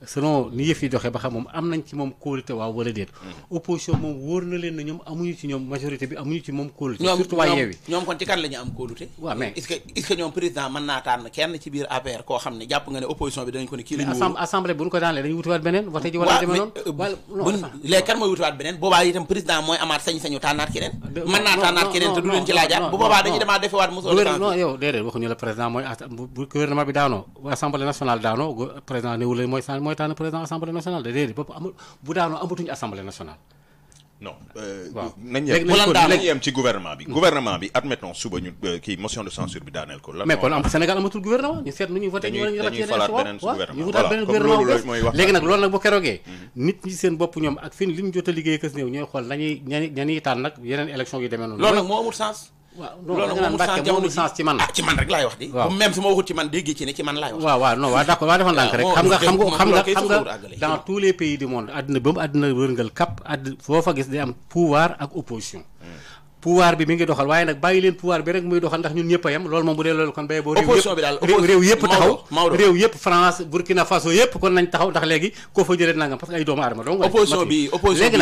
selon ni yi ba xam am nañ mm-hmm. opposition moom wóor na leen ne ñoom amuñu ci ñoom majorité bi amuñu ci moom kóolute. surtout waa Yewwi ñoom kon ci kan la ñu am kóolute. waaw mais est-ce que est-ce que ñoom président mën naa tànn kenn ci biir APR koo xam ne jàpp nga ne opposition bi dañ ko ne kii la ñu wóolu assemblée bu ñu ko daanee dañuy wutiwaat beneen wate ji wala demee noonu euh, léegi kan mooy wutiwaat beneen boobaa itam président mooy amaat sañ-sañu tànnaat keneen ah, mën naa tànnaat keneen te du leen ci laajaat bu boobaa dañuy demaat defewaat mosul non yow déedéet waxuñu la président mooy bu gouvernement bi daanoo assemblée nationale daanoo président néewul mooy mooy tànn président assemblée nationale déedéet bopp amul bu daanoo amatuñu assemblée nationale non euh, nañ yem ci gouvernement bi gouvernement bi admettons suba ñu euh, kii motion de censure bi daaneel ko mais kon am Sénégal amatul gouvernement ñu seet nu ñuy voté ñu falaat beneen gouvernement légui nak lool nak bu keroogee mhm. nit ñi seen bop ñom ak fi li ñu jot a liggéey kës néew ñooy xool nañuy ñani ñanuy nak yenen yeneen élection yu demee noonu loolu nag moo amul sens dans tous les pays du monde il y aduna wërngal et pouvoir opposition hmm. pouvoir bi mi ngi doxal waaye nag bàyyi leen pouvoir bi rek muy doxal ndax ñun ñëpp a loolu moom bu dee loolu kon bay boo réew yëpp taxaw réew yëpp France Burkina Faso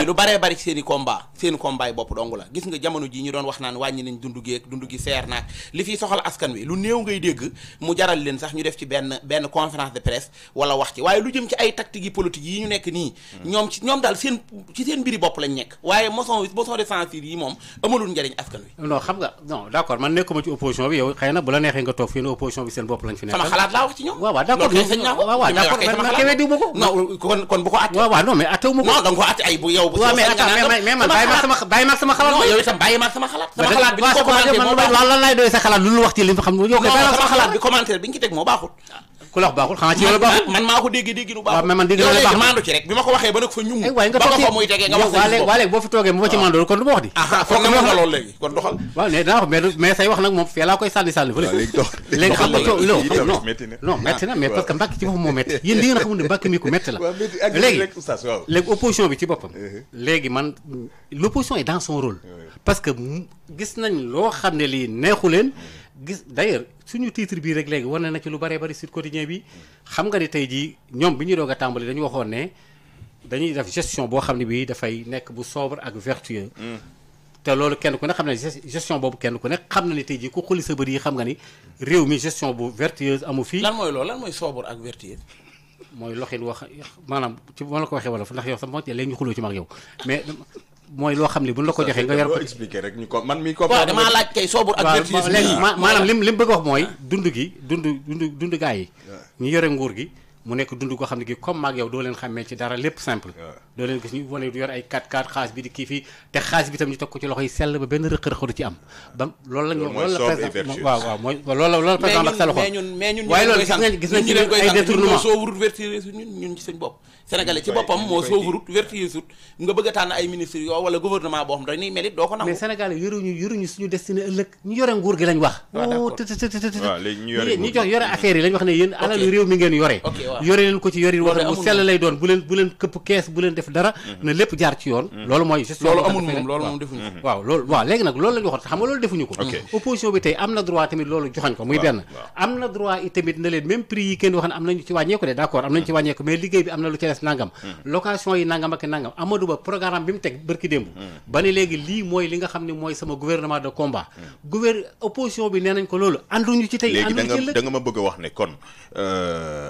lu baree bari seen i combat seen combat yi bopp dong la gis nga jamono ji ñu doon wax naan wàññi nañ dundu gi ak dundu gi seer naak li fiy soxal askan wi lu néew ngay dégg mu jaral leen sax ñu def ci benn benn conférence de presse wala wax ci waaye lu jëm ci ay tactique yi politique yi ñu nekk njariñ xam nga non d'accord man nekkuma ci opposition bi yow xëy bu la neexee nga toog fii ne opposition bi seen bopp lañ fi nekk sama xalaat laa wax ci ñoom waaw d'accord man ko non kon kon bu ko àtte ko non ay bu yow bu waaw mais mais man sama xalaat non yow ko commenté bi commentaire bi ku la wax baaxul xanaa ci yow la baaxul man maa ko dégg dégg lu baaxul waaw man dégg la baaxul maandu ci rek bi ma ko waxee ba nag fa ñum waaye nga toog ba ko muy tegee ah, ah, nga wax sa léegi waaw léegi boo fi toogee bu ma ci maandu kon du ma wax di ah foog nga loolu léegi kon doxal waaw ne dinaa wax mais mais say wax nag moom fee laa koy sànni sànni fële léegi xam nga coow non non metti na mais ah. parce que Mbàkke ci boppam moo metti yéen di ngeen xamul ne Mbàkke mi ku metti la léegi léegi opposition bi ci boppam uh-huh. léegi man l'opposition est dans son rôle uh-huh. parce que gis nañ loo xam ne lii neexu leen gis d'ailleurs suñu titre bi rek léegi war na ci lu bëree bari sur quotidien bi xam nga ni tey jii ñoom bi ñu doog a tàmbali dañu waxoon ne dañuy def gestion boo xam ne bii dafay nekk bu sobre ak vertueux. Mm. te loolu kenn ku ne xam ne gestion boobu kenn ku ne xam na ni tey jii ku xuli sa bëri yi xam nga ni réew mi gestion bu vertueuse amu fii. lan mooy loolu lan mooy sobre ak vertueux. mooy loxin wax maanaam ci ma la ko waxee wala ndax yow sax moo léegi ñu xuloo ci mag yow mais. mooy loo xam ne bu ñu la ko joxee nga yor ko expliquer rek ko man mi ko waaw damaa laaj kay soobur ak vertige maanaam lim lim bëgg wax mooy ah. dund gi dund dund dund gaa yi ah. ñu yore nguur gi mu nekk dund goo xam ne gi comme maag yow doo leen xàmmee ci dara lépp simple doo leen gis ñu wane yore affaire yi lañ wax ne yéen alalu réew mi ngeen yore yore ko ci yorin war mu sell lay doon bu leen bu leen këpp kees bu leen def dara mhm. na lépp jaar ci yoon mhm. loolu mooy juste loolu amul moom loolu moom ko mhm. waaw loolu waaw léegi nag loolu la wax ne mooy sama gouvernement de combat gouver opposition bi nee nañ ko loolu ànduñu ci tey ànduñu ci la da ma bëgg a wax ne kon euh,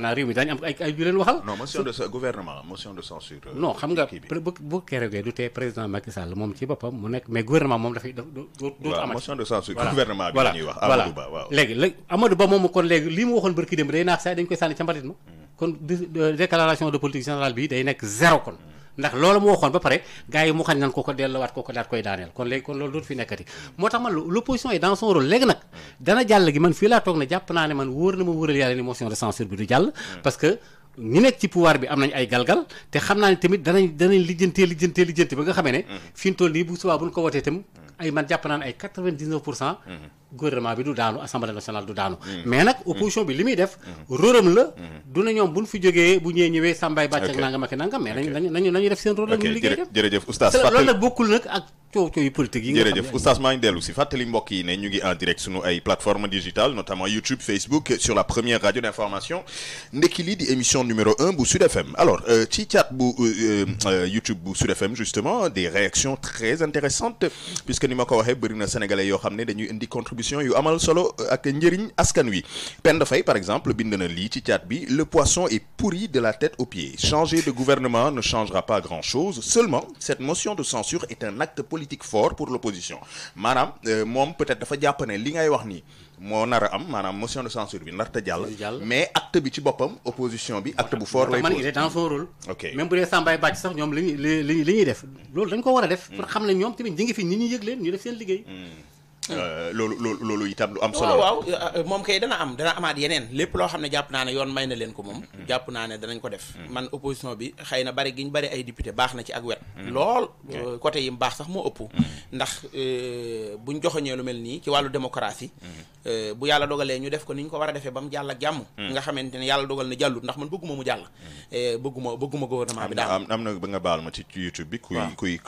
non motion de gouvernement motion de censure euh, non xam nga bu le du té président Macky Sall moom ci boppam mu nekk mais gouvernement moom dafay do motion de censure gouvernement bi wax. Amadou Ba waaw Amadou Ba barki day dañ koy hmm. de politique générale bi day zéro hmm. ndax loolu mu waxoon ba pare gars yi mu xam nan ko ko delluwaat ko ko daat koy daaneel kon léegi kon loolu dootu fi nekkati moo tax man l'opposition est dans laa toog ne naa ne man wóor na ma wóoral yàlla ni motion de censure bi du jàll hmm. parce que ñi nekk ci pouvoir bi am nañ ay galgal te xam naa ne tamit danañ danañ lijjantee lijjantee lijjante ba nga xamee ne hmm. fi mu toll nii bu subaa ko wotee itam hmm. man jàpp naa ne ay 99 pour cent gouvernement bi du daanu assemblée nationale du daanu. Hmm. mais nak opposition bi hmm. limi def. rërëm hmm. la. duna ñom buñ fi joggé bu ñëw ñëwee sambay bacc ak nangam ak nangam. mais nañu nañu def seen rôle ñu liggéey def jërëjëf oustaz fàttali loolu nag bokkul nak ak coow coow yu politique yi. nga xam jërëjëf oustaz maa ngi dellu si fatali mbokk yi ne ñu ngi en direct suñu ay plateformes digitales notamment YouTube Facebook sur la première radio d'information information ndekki di émission numéro 1 bu Sud FM alors euh, ci chat bu euh, euh, YouTube bu Sud FM justement des réactions très intéressantes puisque ni mako ko bari na sénégalais yo xamné dañuy indi contribution contribution yu amal solo euh, ak njëriñ askan wi Penda fay par exemple bind na lii ci caat bi le poisson est pourri de la tête au pied. changer de gouvernement ne changera pas grand chose seulement cette motion de censure est un acte politique fort pour l'opposition maanaam euh, moom peut-être dafa jàpp ne li ngay wax ni moo nar a am maanaam motion de censure bi narta jàll mais acte bi ci boppam opposition bi acte bu fort lay il est dans son rôle ok même bu dee sàmbaay bàcc sax ñoom li ñuy li ñuy def loolu dañ ko war a def pour hmm. xam ne ñoom tamit ñi ngi fi ñi ñu yëg leen ñu def seen liggéey hmm. Euh, loolu loolu loolu itam lu am solo waaw euh, moom kay dana am dana amaat yeneen lépp loo xam ne jàpp naa ne yoon may na leen ko moom mm-hmm. jàpp naa ne danañ ko def mm-hmm. man opposition bi xëy na bari giñ bari ay député baax na ci ak wet mm-hmm. lool euh, côté yi baax sax moo ëpp ndax buñ joxoñee lu mel nii ci wàllu démocratie bu yàlla dogalee ñu def ko niñ ko war a defee ba mu jàll ak jàmm nga xamante ne yàlla dogal na jàllut ndax man bëgguma mu jàll bëgguma bëgguma gouvernement bi daal am na ba nga baal ma ci YouTube bi kuy kuy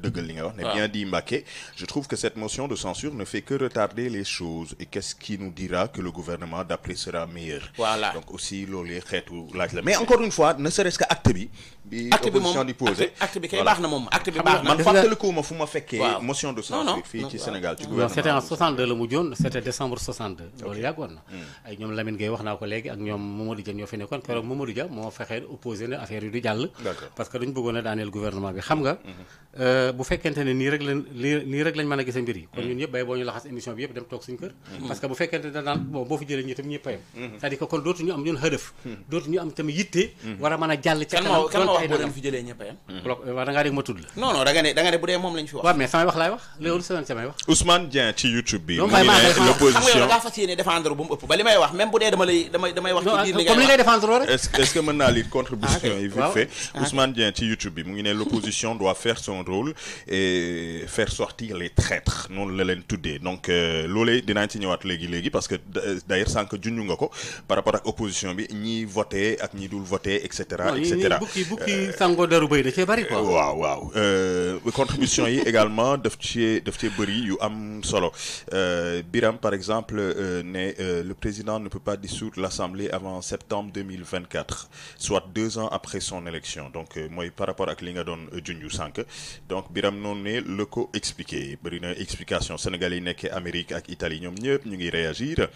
dëggal li nga wax ne bien dit Mbacké je trouve que cette motion de censure ne fait que retarder les choses et qu'est-ce qui nous dira que le gouvernement d'après sera meilleur. voilà donc aussi l'olé xeetu laaj la mais encore une fois ne serait-ce que acte bi. bi opposition di posé acte bi kay baax na moom acte bi baax man ma fait ma fekkee. motion de censure fii ci Sénégal gouvernement. c'était en 62 la mujjoon c'était décembre 62. loolu yàggoon na. Hmm. ay ñoom Lamine Gueye wax naa un léegi ak ñoom Mamadou Dia ñoo fi nekkoon keroog Mamadou Dia moo fexee opposé na affaire yi du Dial. parce que nous bëggoon a le gouvernement bi xam nga. Hmm. Euh, bu fekkente ni rek la ni rek lañ mën a gisee mbir yi kon ñun ñëpp bay boo ñu laxas émission bi yëpp dem tok suñu kër mm-hmm. parce que bu fekkente ne danaan bon fi jëlee ñi tam ñëpp a mm-hmm. c'est-à-dire que kon dootu ñu am ñun xërëf mm-hmm. dootu ñu am tamit yitte wara a jall ci jàll kanam kan wax boo leen fi jëlee ñëpp a yem waaw euh, da ngaa dégg ma tudd la non non da nga ne da nga ne bu dé mom lañ fi wax wa mais sama wax lay wax leul sa sama wax Ousmane Dieng ci YouTube bi xam nga dangaa fas yéene défendre bu mu ëpp ba limay wax même bu dé dama lay dama damay wax ci biir li ngay défendre rek est-ce que mën naa lire contribution ah, yi vite fait ah. Ousmane Dieng ci YouTube bi mu ngi né l'opposition doit faire son et faire sortir les traîtres non le leen tuddee donc euh, lolé dinaa ci ñëwaat légui léegi parce que euh, d'ailleurs sànq juñu nga ko par rapport à opposition bi ñi voté ak ñi dul voter et etc et cetera bukki euh, daru da ci bari quoi. waaw waaw contribution yi également daf ci daf ci bari yu am solo Biram par exemple né le président ne peut pas dissoudre l'Assemblée avant septembre 2024 soit deux ans après son élection donc moy par rapport à li nga doon junj donc biram noné le la ko expliqué bari na explication sénégalais yi amérique ak italie ñom ñepp ñu ngi réagir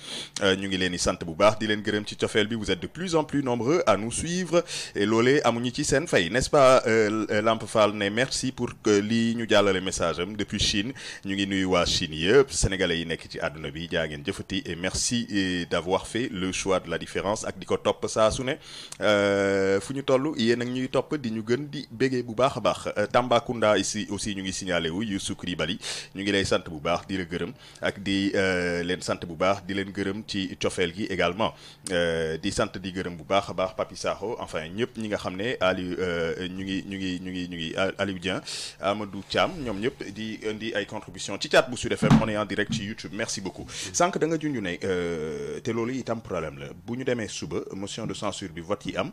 euh, ñu ngi leen santé bu baax di leen gërëm ci tiofel bi vous êtes de plus en plus nombreux à nous suivre et l'olé amuñu ci sen fay n'est-ce pas euh, euh, Lamp Fall né merci pour que li ñu jallalé message am depuis Chine ñu ngi nuyu wa Chine yëpp sénégalais yi nekk ci aduna bi jaa ngeen et merci d'avoir fait le choix de la différence ak diko top sa suné euh fuñu tollu ñu toll yéen ak ñuy topp di ñu gën di bégee bu baax baax Tambacounda Tambacounda ici aussi ñu ngi signalé wu Youssou Koulibaly ñu ngi lay sant bu baax di le gërëm ak di euh, len sante bu baax di len gërëm ci tiofel gi également euh, di sante di gërëm bu baax baax Papi Sakho enfin ñëpp ñi nga xamné ali Aliou euh, ñu ngi ñu ngi ñu ngi ñu ngi Aliou Dian Amadou Thiam ñom ñëpp di indi ay contributions ci chat bu Sud FM on est en direct ci YouTube merci beaucoup sank da nga junj euh té loolu itam problème la bu ñu démé suba motion de censure bi vote yi am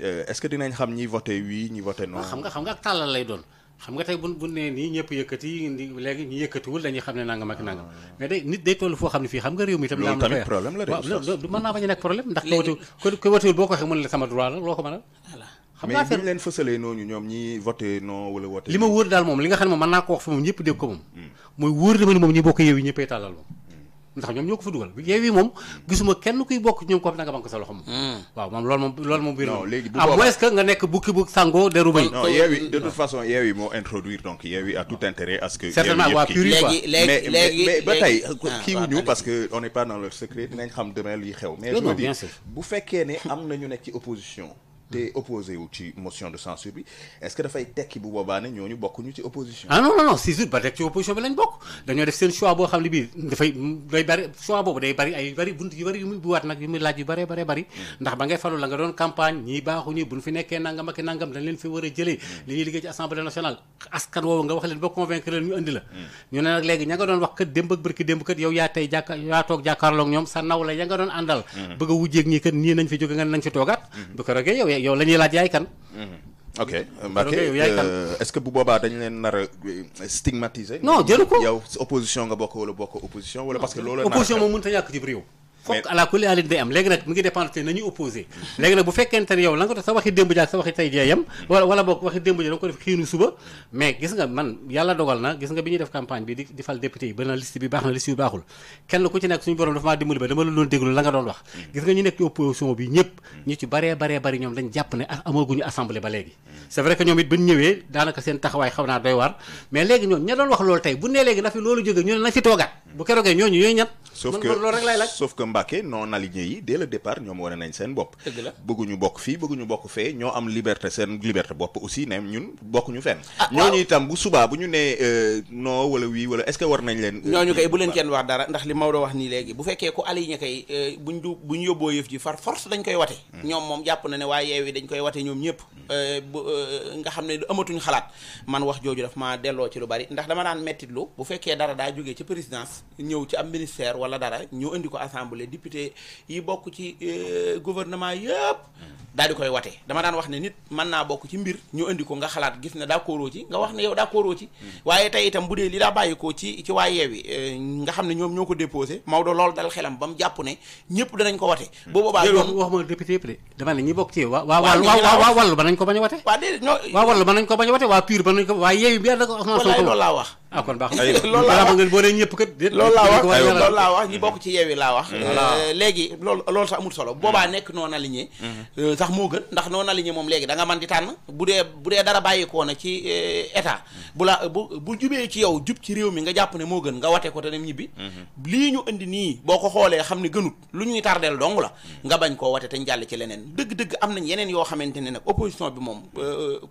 est-ce que dinañ xam ñi voter oui ñi voter non. xam nga xam nga ak lay doon. xam nga tey bu bu nee nii ñëpp yëkkati léegi ñu yëkkatiwul dañuy xam ne nangam ak nangam ah. mais day nit day toll foo xam ne fii xam nga réew mi tamit naa bañ a nekk problème ndax ko ko watiwul boo ko waxee mën la sama droit la loo ko mën a xam nga mais leen fësalee noonu ñoom ñi voté non ko wax fi moom ñëpp dégg moom hmm. mooy wóor dama moom ñi bokk yeew yi ñëppay tàllal moom hmm. ndax ñom ñoko gisuma kenn kuy ko de toute façon introduire donc a tout intérêt à ce que mais mais ba ah, parce que on n'est pas dans leur secret xam demain mais je opposition te opposé wu ci motion de censure bi est-ce que da fay tekki bu boobaa ne bokku ñu ci opposition. ah non non non c'est sûr ba rek ci opposition bi lañ bokk dañu def seen choix bo xam ne bii dafay day bari choix bobu day bari ay bari buntu yu bari yu muy buwaat nak yu muy laaj yu bari bari bari hmm. ndax ba ngay falu la nga doon campagne ñi baaxu ñi buñ fi nekké nangam ak nangam dañ leen fi war a hmm. li ñi liggé ci assemblée nationale askan woowu nga wax leen ba convaincre leen ñu andi la hmm. ñu nak légui léegi ña doon wax kat demb ak barki demb kat yow ya tay jaka ya tok toog jàkkaarloog ñom sa naw la ya nga doon andal bëgg a wujjeeg ñii kat nii nañ fi jóge nga nañ fi togat bu ko rogee yow mais yow la laaj yaay kan. Mm-hmm. ok euh, Mbacke euh, est-ce que bu boobaa dañ leen nar a euh, stigmatiser. non ko yow opposition nga bokk wala bokk opposition. wala parce que loolu opposition moom mënut a ñàkk ci réew. foog à la kulli àlin day am léegi nag mi ngi dépendre te nañuy opposé léegi nag bu fekkente ne yow la nga def sa waxi démb jaak sa waxi tey jee yem wala wala boog waxi démb jee da nga ko def xiinu suba mais gis nga man yàlla dogal na gis nga bi ñuy def campagne bi di di fal député yi bari na liste bi baax na liste bi baaxul kenn ku ci nekk suñu borom dafa maa dimbali ba dama la doon déglu la nga doon wax gis nga ñu nekk ci opposition bi ñëpp ñu ci baree baree bari ñoom dañ jàpp ne ah, amaguñu assemblée ba léegi c'est vrai que ñoom it bañ ñëwee daanaka seen taxawaay xaw naa doy waar mais léegi ñoom ña doon wax loolu tey bu nee léegi na fi loolu jóge ñu ne na fi toogaat bu keroogee ñooñu ñooy ñat. sauf que loolu rek lay laaj sauf que Mbacké non yi dès le départ ñoom war nañ seen bopp. dëgg la bëgguñu bokk fii bëgguñu bokk fee ñoo am liberté seen liberté bopp aussi ne ñun bokkuñu fenn. ah ñooñu itam bu subaa bu ñu nee euh, noo wala wii wala est-ce que war nañ leen. Euh, ñooñu kay bu leen kenn wax dara ndax li Maodo wax nii léegi bu fekkee ku aligné kay euh, buñ du buñ yóbboo yëf ji far force dañ koy wate. Hmm. ñoom moom jàpp na ne waaye yeewi dañ koy wate ñoom ñëpp. Hmm. bu nga xam ne amatuñ xalaat man wax jooju daf ma delloo ci lu bari ndax dama daan mettitlu bu fekkee dara daa jógee ci présidence place ñëw ci am ministère wala dara ñu indi ko assemblée député yi bokk ci euh, gouvernement yëpp daal di koy wate dama daan wax ne nit mën naa bokk ci mbir ñu indi ko nga xalaat gis ne daa d'accord ci nga wax ne yow daa d'accord ci hmm. waaye tey itam bu dee li daa bàyyi ko ci ci waa yeewi euh, nga xam ne ñoom ñoo ko déposé Maodo loolu dal xelam ba mu jàpp ne ñëpp danañ ko wate hmm. boo boobaa ñoom wax ma député yëpp de dama ne ñi bokk ci waa waa waa wàllu ba nañ ko bañ a wate waa déedéet waa wàllu ba nañ ko bañ a wate waa pur ba nañ ko waa yeewi bi ànd ak Ousmane Sonko loolu laa wax ah kon baax na loolu laa wax ngeen boole loolu laa wax loolu ñi bokk ci yeewi laa wax euh, léegi loolu lool sax amul solo mm. boobaa nekk non aligné mm-hmm. euh, sax moo gën ndax non aligné moom léegi danga man di tànn bu dee bu dee dara bàyyikoo na ci euh, état mm. bu laa bu bu jubee ci yow jub ci réew mi nga jàpp ne moo gën nga wate ko te dem ñibbi mm-hmm. lii ñu indi nii boo ko xoolee xam ne gënut lu ñuy tardeel dong la mm. nga bañ koo wate te ñu jàll ci leneen dëgg-dëgg am nañ yeneen yoo xamante ne nag opposition bi moom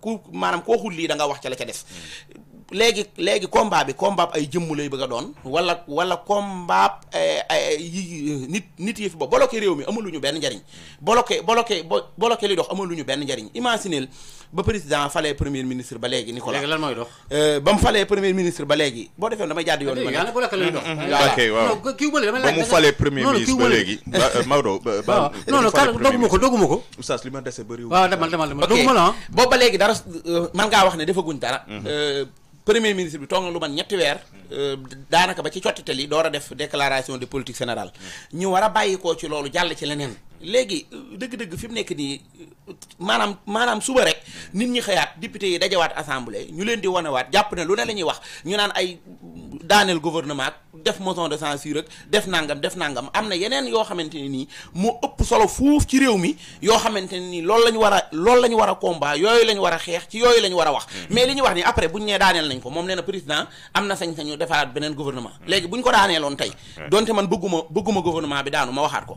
ku maanaam koo xul lii da wax ca la ca des léegi léegi combat bi combat ay jëmm lay bëgg a doon wala wala combat eh, eh, yi nit nit yi fi ba bloqué réew mi amaluñu benn njariñ bloqué bloqué bloqué li dox amaluñu benn njariñ imagineel ba président falee premier ministre ba léegi Nicolas léegi lan mooy dox eh, ba mu falee premier ministre ba léegi boo defee ah, ma bloqué lay dox waaw kii wële dama ba mu falee premier ministre ba léegi Maodo ba ah, non non kàddu dogguma ko dogguma ko oustaz ma dese bëriwul waaw demal demal demal dogguma la ah. boobu ba léegi dara euh, man ngaa wax ne defaguñ dara mhm. euh, premier ministre bi toog na lu man ñetti weer euh, daanaka ba ci cottital yi door a def déclaration de politique sénéral mm. ñu war a bàyyi koo ci loolu jàll ci leneen léegi euh, dëgg-dëgg fi mu nekk nii euh, maanaam maanaam suba rek nit ñi xëyaat député yi dajawaat assemblée ñu leen di wanewaat jàpp ne lu ne la ñuy wax ñu naan ay daaneel gouvernement def motion de censure ak def nangam def nangam am na yeneen yoo xamante ne nii moo ëpp solo fuuf ci réew mi yoo xamante ne nii lool la ñu war a loolu la war a combat yooyu lañu ñu war a xeex ci yooyu lañu ñu war a wax. Hmm. mais li ñu wax nii après bu ñu nee daaneel nañ ko moom nee na président am na sañ-sañu defaraat beneen gouvernement. Hmm. léegi bu ñu ko daaneeloon tey. Hmm. donte man bëgguma bëgguma gouvernement bi daanu ma waxaat ko.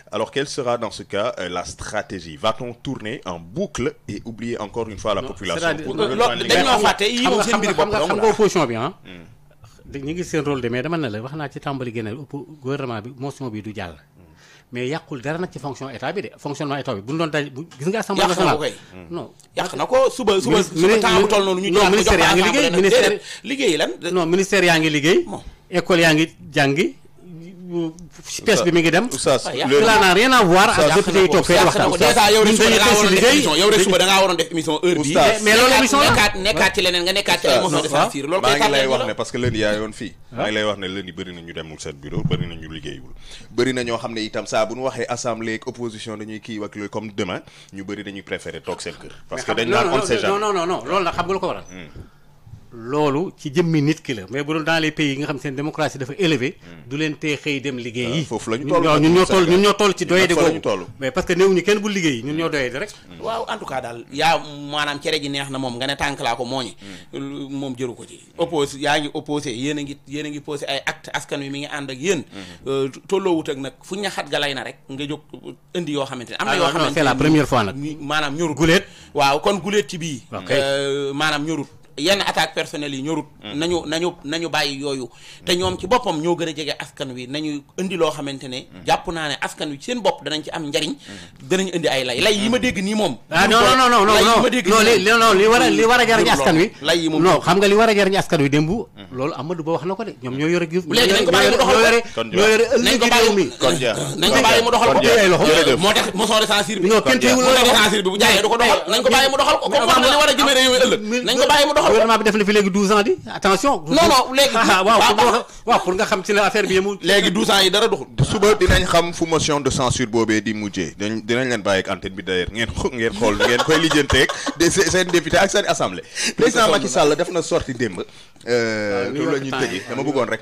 Alors, quelle sera dans ce cas euh, la stratégie Va-t-on tourner en boucle et oublier encore une fois la population pour ah. hmm. ñu rôle de mais dama ne la wax naa gouvernement hmm. mais yàqul dara nag ci fonction état bi de fonctionnement état bi bu ñu gis nga assemblée nationale hmm. non yak nako suba suba suba tambu tol toll ñu ñu non ministère yaa liggéey ministère liggéey lan non ministère yaa ngi liggéey école yaa ngi jàngi pièce bi mi ngi dem. oustaz loolu la n'a rien ah, ah. maa ngi lay wax ne parce que lundi yaa yoon fii. maa ngi lay wax ne lundi bëri na ñu demul seen bureau bëri ñu liggéeyul. bëri ñoo xam ne itam saa bu ñu waxee assemblée ak opposition dañuy kii wak comme demain ñu bëri dañuy préféré toog seen kër. parce que dañ naan on sait jamais non non xam nga lu ko waral hmm. loolu ci jëmmi nit ki la mais bu doon dans les pays yi nga xam seen démocratie dafa élevée hmm. du leen tee xëy dem liggéey yi ah, foofu lañu toll ñun ñoo toll ñun ñoo toll ci doyadi googu parce que néew ñu kenn bu liggéey ñun ñoo doyadi rek hmm. waaw en tout cas daal yaa maanaam cere ji neex na moom nga ne tànk laa ko mooñi hmm. moom jëru ko ci oppose yaa ngi opposé yéen ngi yéen ay acte askan wi mi ngi ànd ak yéen euh, tolloowut ak nag fu ñaxat ga lay na rek nga jóg euh, indi yoo xamante ne na ah, la première fois nag maanaam ñorut guleet waaw kon guleet ci euh, maanaam ñorut yenn attaque personnelle yi ñorut hmm. nañu nañu nañu bayyi yoyu te ñom ci bopam ñoo gëna askan wi nañu indi lo xamantene japp hmm. jàpp askan wi seen bop dañ ci am ndariñ hmm. dañ indi ay lay lay yi ma dégg ni mom ah, non non non non non li li wara li wara a askan wi lay yi non xam nga li wara a askan wi dembu loolu Amadou Ba wax na ko de ñom ñoo yoré gi léegi nañ ko ko ñoo mi nañ ko bàyyi mu doxal ko ay tax motion de censure non bu du ko doxal nañ ko mu doxal ko réew nañ ko mu gouvernement def 12 ans attention. non non des ah, waaw pour nga xam ci affaire bi 12 motion de censure di dinañ ak antenne bi d'ailleurs koy assemblée. président Macky Sall def na euh, dama rek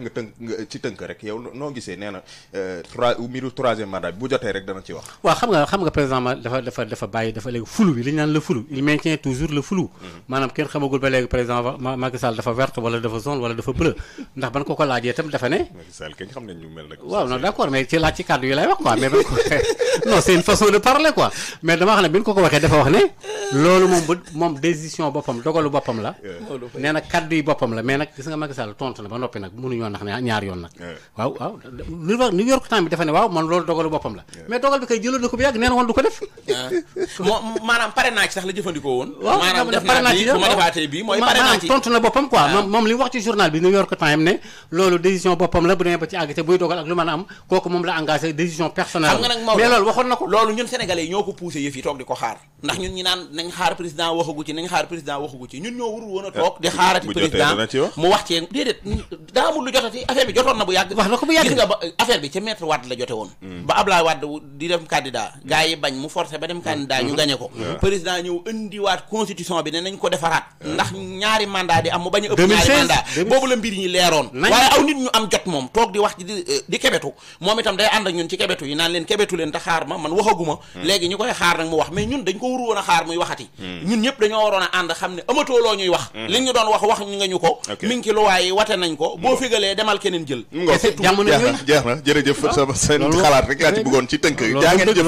mandat bu rek ci wax. xam nga xam nga président dafa dafa dafa le flou il maintient toujours le flou. manam mhm président Macky Sall dafa verte wala dafa jaune wala dafa bleu ndax ban ko ko laajee itam dafa ne. Macky Sall kañ xam nañ ñu mel nak waaw non d'accord mais ci laaj ci cadre yi lay wax quoi mais ban ko non c'est est une façon de parler quoi mais dama xam ne bi ko ko waxee dafa wax ne lolu mom mom décision bopam dogalu bopam la. nee na kàddu yi bopam la mais nak gis nga Macky Sall tontu na ba noppi nag mënuñoo nax ne ñaar yoon nak waaw waaw ni wax New York Times bi dafa ne waaw man lolu dogalu bopam la mais dogal bi kay jëloon na ko bu yàgg nee na woon du ko def. manam paré na ci sax la jëfëndiko won manam maanaam def na ci bu ma defaatee bii mooy maanaam tontu na quoi moom li wax ci journal bi New York Times né lolu décision bopam la bu demee ba ci àgg te buy dogal ak luma mën am kooku mom la engagé décision personnelle mais lolu waxon nako lolu ñun sénégalais ñoko pousser ko yëf yi tok di ko xaar ndax ñun ñi naan nañ xaar président waxagu ci nañ xaar président waxagu ci ñun ñoo warul wona tok di xaarati président mu wax ci déedéet da amul lu jotati affaire bi jotoon na bu yàgg wax na bu yàgg gis nga affaire bi ci maître wad la joté won hmm. ba Abdoulaye wad di dem candidat gaay yi bañ mu forcer ba dem hmm. candidat ñu hmm. gagné ko président indi indiwaat constitution bi né nañ ko défarat ndax ñaari mandat di am mu bañ a ëpp ñaari mandat bobu la mbir ñi leeroon waye aw nit ñu am jot mom tok di wax di eh, di kebetu moom itam day and ak ñun ci kebetu yi naan leen kebetu leen te xaar ma man waxaguma hmm. légui ñukoy xaar nak mu wax mais ñun dañ ko wuru woon xaar muy waxati hmm. ñun ñëpp dañoo warona and xamné amato lo ñuy wax hmm. li ñu doon wax wax nga ñu ko mi ngi ci luwaay yi wate nañ ko bo figalé demal keneen jël jeex na jërëjëf ah. sa seen xalaat rek la ci bëggoon ci tënk jaa ngeen jëf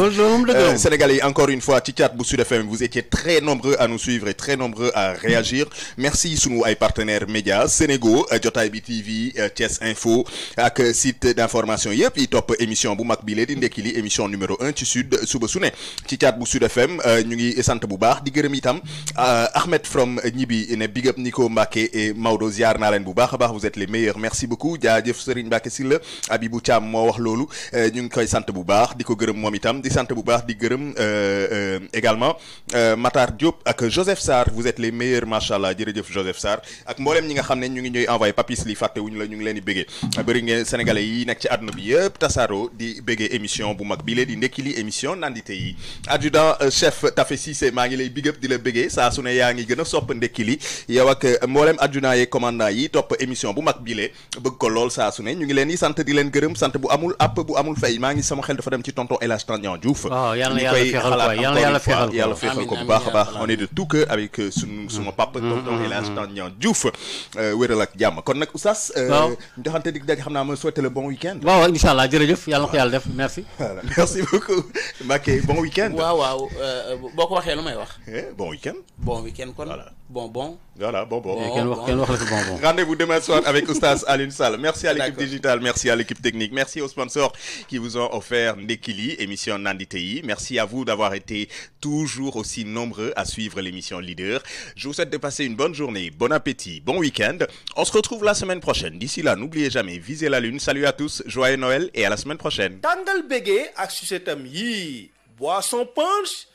euh, Sénégalais encore une fois ci chat bu Sud FM vous étiez très nombreux à nous suivre et très nombreux à réagir merci sunu ay partenaires médias Sénégo euh, jotaay bi TV euh, Thiès Info ak euh, site d'information yep yi top émission bu mag bi lee di émission numéro 1 ci sud suba suné ci chat bu sud FM ñu ngi sante bu baax di gërëm itam Ahmed from ñibi ne big up Nico Mbake et Maodo ziar naa bu baax baax vous êtes les meilleurs merci beaucoup jaajëf Serigne Mbacke Sylla Abibou cham mo wax lolu ñu ngi koy sante bu baax diko gërëm mom itam di sante bu baax di gërëm également Matar Diop ak Joseph sar vous êtes les meilleurs machallah jërëjëf Joseph Sar ak mbooleem ñi nga xam ñu ngi ñuy envoyer papis li fàtte wuñ la ñu ngi leen di béggee bëri ngeen sénégalais yi nekk ci aduna bi yépp tassaro di béggee émission bu mag bi lé di ndekki li émission nandite yi adjudant euh, chef Tafe Cissé ma ngi lay big up di la béggee sa su ne yaa ngi gën a sopp ndekki yow ak euh, mbooleem adjudant yeeg commandant yi top émission bu mag bi lé bëgg ko lool sa su ne ñu ngi leen di sant di leen gërëm sante bu amul app bu amul fay ma ngi sama xel dafa dem ci tonton El Hadj Tandian Diouf ah, ñu koy xalaat encore une fois yàlla fexal ko bu baax baax on est de tout cœur avec euh, sunu suma mm-hmm. papa pardon El Hadj Tandian Diouf euh, wéral ak jàmm kon nag oustaz. Euh, waaw ñu joxante xam naa ma souhaiter le bon week-end. waaw waaw incha allah jërëjëf yàlla na ko yàlla def merci. voilà merci waaw waaw euh, boo ko waxee lu may wax. Eh, bon week-end. bon week kon. bonbon. Voilà, bonbon. Rendez-vous demain soir avec Oustas l'une salle. Merci à l'équipe digitale, merci à l'équipe technique, merci aux sponsors qui vous ont offert Nekili, émission Nanditei. Merci à vous d'avoir été toujours aussi nombreux à suivre l'émission Leader. Je vous souhaite de passer une bonne journée, bon appétit, bon week-end. On se retrouve la semaine prochaine. D'ici là, n'oubliez jamais, visez la lune. Salut à tous, joyeux Noël et à la semaine prochaine. punch,